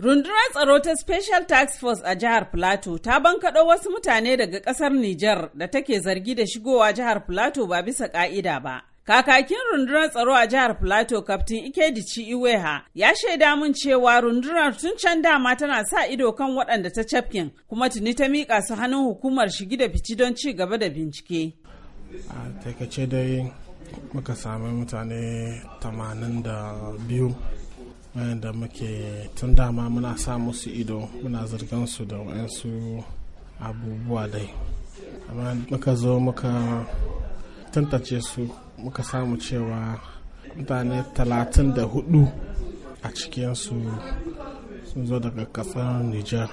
Rundunar tsaro ta Special Task Force a jihar Plateau ta bankaɗo wasu mutane daga ƙasar Nijar da take zargi da shigowa jihar Plateau ba bisa ƙa'ida ba. Kakakin rundunar tsaro a jihar Plateau Kaftin Ikedici Iweha ya shaida mun cewa rundunar tun can dama tana sa ido kan waɗanda ta cafkin kuma tuni ta miƙa su hannun hukumar shigi da fici don ci gaba da bincike. A taikace dai muka sami mutane 82 da muke tun dama muna sa musu ido muna zargin su da wayansu abubuwa dai amma muka zo muka tantace su muka samu cewa mutane talatin da hudu a cikinsu sun zo daga kasar Nijar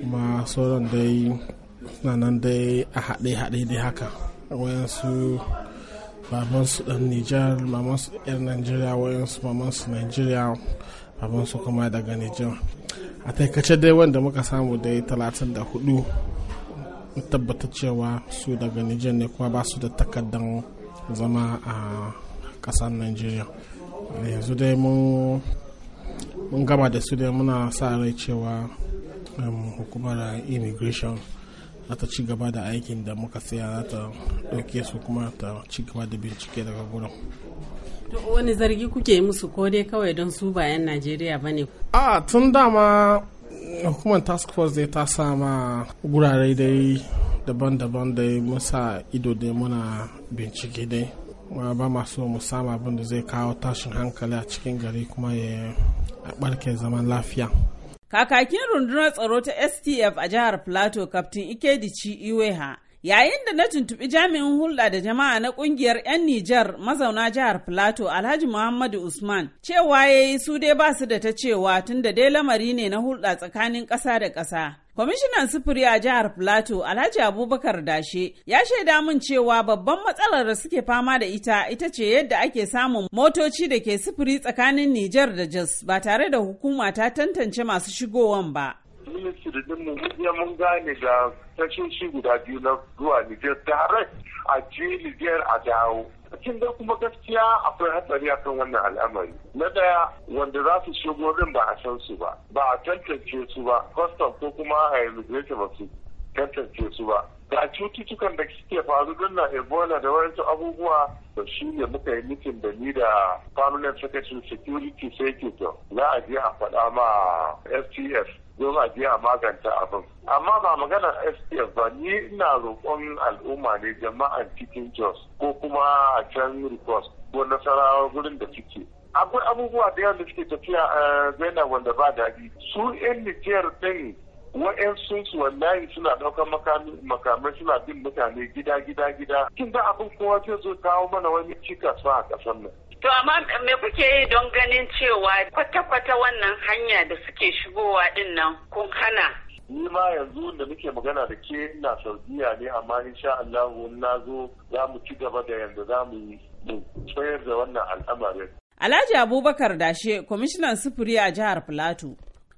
kuma sauran dai nan dai a haɗe-haɗe dai haka wayansu babansu dan nijar mamansu yar najeriya wayansu mamansu najeriya babansu kuma daga nijar a taikace dai wanda muka samu dai 34 tabbata cewa su daga nijar ne kuma ba su da takardar zama a kasar najeriya yanzu dai mun gama da su dai muna sa rai cewa um, hukumar immigration za ta ci gaba da aikin da muka saya za ta ɗauke su kuma ta ci gaba da bincike daga gurin wani zargi kuke musu ko dai kawai don su ba 'yan najeriya ba ne a tun dama hukumar task force dai ta sama gurare dai daban-daban dai musa ido dai muna bincike dai ba masu musamman abin da zai kawo tashin hankali a cikin gari kuma ya barke zaman lafiya Kakakin rundunar tsaro ta STF a jihar Plateau, Kaftin Ikedici Iweha, Yayin da na tuntubi jami'in hulɗa da jama'a na ƙungiyar 'yan Nijar mazauna jihar Filato Alhaji Muhammadu Usman cewa ya yi su dai ba su da ta cewa tun da dai lamari ne na hulɗa tsakanin ƙasa da ƙasa. Kwamishinan sufuri a jihar Filato Alhaji Abubakar Dashe ya shaida min cewa babban matsalar da suke fama da ita ita ce yadda ake samun motoci da ke sufuri tsakanin Nijar da Jos ba tare da hukuma ta tantance masu shigowan ba. ministry din mu ya mun gane da tashoshi guda biyu na zuwa Niger tare a je Niger a dawo cikin da kuma gaskiya akwai hatsari akan wannan al'amari na daya wanda za su shigo din ba a san su ba ba a tantance su ba custom ko kuma a immigration ba su tantance su ba da cututtukan da suke faru don na ebola da wasu abubuwa da shi ne muka yi mitin da ni da permanent secretary security sai ke za a je a faɗa ma stf don a maganta abin amma ba magana SPF ba ni ina roƙon al'umma ne jama'a cikin Jos ko kuma a can Rikos ko Nasarawa gurin da suke akwai abubuwa da yawa da suke tafiya a eh, zaina wanda ba daɗi su 'yan Nijar ɗin wa'yansu su wallahi suna ɗaukar makamai suna bin mutane gida gida gida kin da abin kowa zai zo kawo mana wani cikas ba a ƙasar nan To amma me kuke yi don ganin cewa kwata-kwata wannan hanya da suke shigowa din nan kun hana ni ma yanzu da muke magana da ke na saudiya ne amma insha Allah na zo za mu ci gaba da yanda za mu yi tsayar da wannan al'amarin. Alhaji Abubakar Dashe, kwamishinan sufuri a jihar Filato.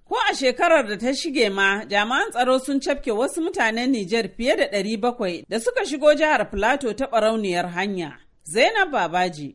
Ko a shekarar da ta shige ma, jami'an tsaro sun cafke wasu mutanen Nijar fiye da 700 da suka shigo jihar Filato ta barauniyar hanya. Zainab Babaji,